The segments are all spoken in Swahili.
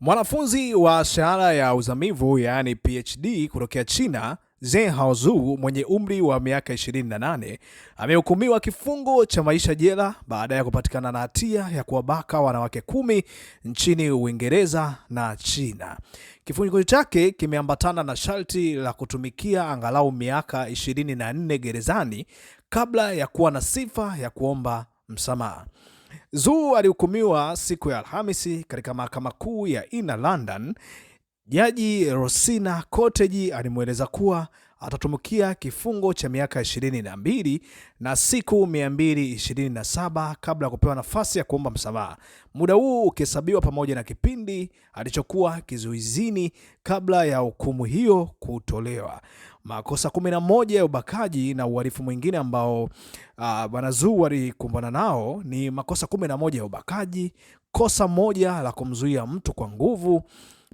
Mwanafunzi wa shahada ya uzamivu yaani PhD kutokea China Zheng Haozu mwenye umri wa miaka 28 amehukumiwa kifungo cha maisha jela baada ya kupatikana na hatia ya kuwabaka wanawake kumi nchini Uingereza na China. Kifungo chake kimeambatana na sharti la kutumikia angalau miaka 24 gerezani kabla ya kuwa na sifa ya kuomba msamaha. Zu alihukumiwa siku ya Alhamisi katika mahakama kuu ya Inner London. Jaji Rosina Koteji alimweleza kuwa atatumikia kifungo cha miaka 22 na siku 227 kabla ya kupewa nafasi ya kuomba msamaha, muda huu ukihesabiwa pamoja na kipindi alichokuwa kizuizini kabla ya hukumu hiyo kutolewa. Makosa 11 ya ubakaji na uhalifu mwingine ambao Bwana ah, Zuu alikumbana nao ni makosa 11 ya ubakaji, kosa moja la kumzuia mtu kwa nguvu,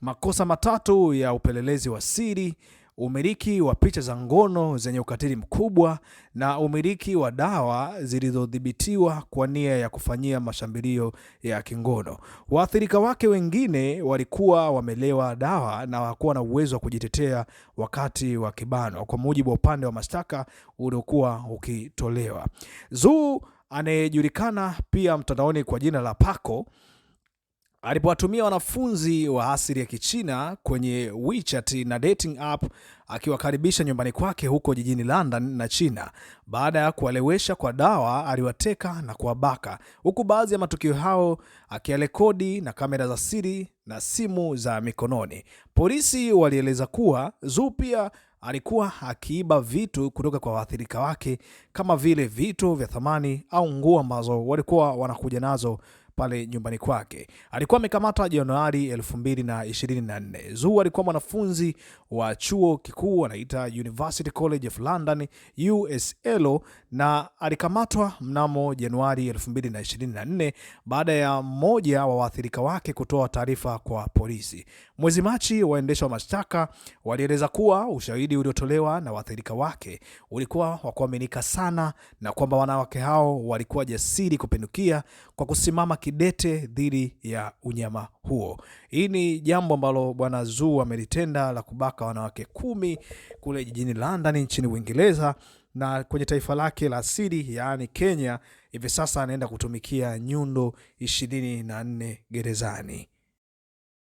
makosa matatu ya upelelezi wa siri umiliki wa picha za ngono zenye ukatili mkubwa na umiliki wa dawa zilizodhibitiwa kwa nia ya kufanyia mashambulio ya kingono. Waathirika wake wengine walikuwa wamelewa dawa na hawakuwa na uwezo wa kujitetea wakati wa kibano, kwa mujibu wa upande wa mashtaka uliokuwa ukitolewa. Zuu anayejulikana pia mtandaoni kwa jina la Paco alipowatumia wanafunzi wa asili ya Kichina kwenye WeChat na dating app akiwakaribisha nyumbani kwake huko jijini London na China. Baada ya kuwalewesha kwa dawa, aliwateka na kuwabaka, huku baadhi ya matukio hao akiyarekodi na kamera za siri na simu za mikononi. Polisi walieleza kuwa Zuu pia alikuwa akiiba vitu kutoka kwa waathirika wake kama vile vitu vya thamani au nguo ambazo walikuwa wanakuja nazo pale nyumbani kwake. Alikuwa amekamata Januari 2024. Zuu alikuwa mwanafunzi wa chuo kikuu anaita University College of London USL, na alikamatwa mnamo Januari 2024 baada ya mmoja wa waathirika wake kutoa taarifa kwa polisi. Mwezi Machi, waendesha wa mashtaka walieleza kuwa ushahidi uliotolewa na waathirika wake ulikuwa wa kuaminika sana na kwamba wanawake hao walikuwa jasiri kupindukia kwa kusimama kidete dhidi ya unyama huo. Hii ni jambo ambalo bwana Zuu amelitenda la kubaka wanawake kumi kule jijini London nchini Uingereza na kwenye taifa lake la asili yaani Kenya hivi sasa anaenda kutumikia nyundo ishirini na nne gerezani.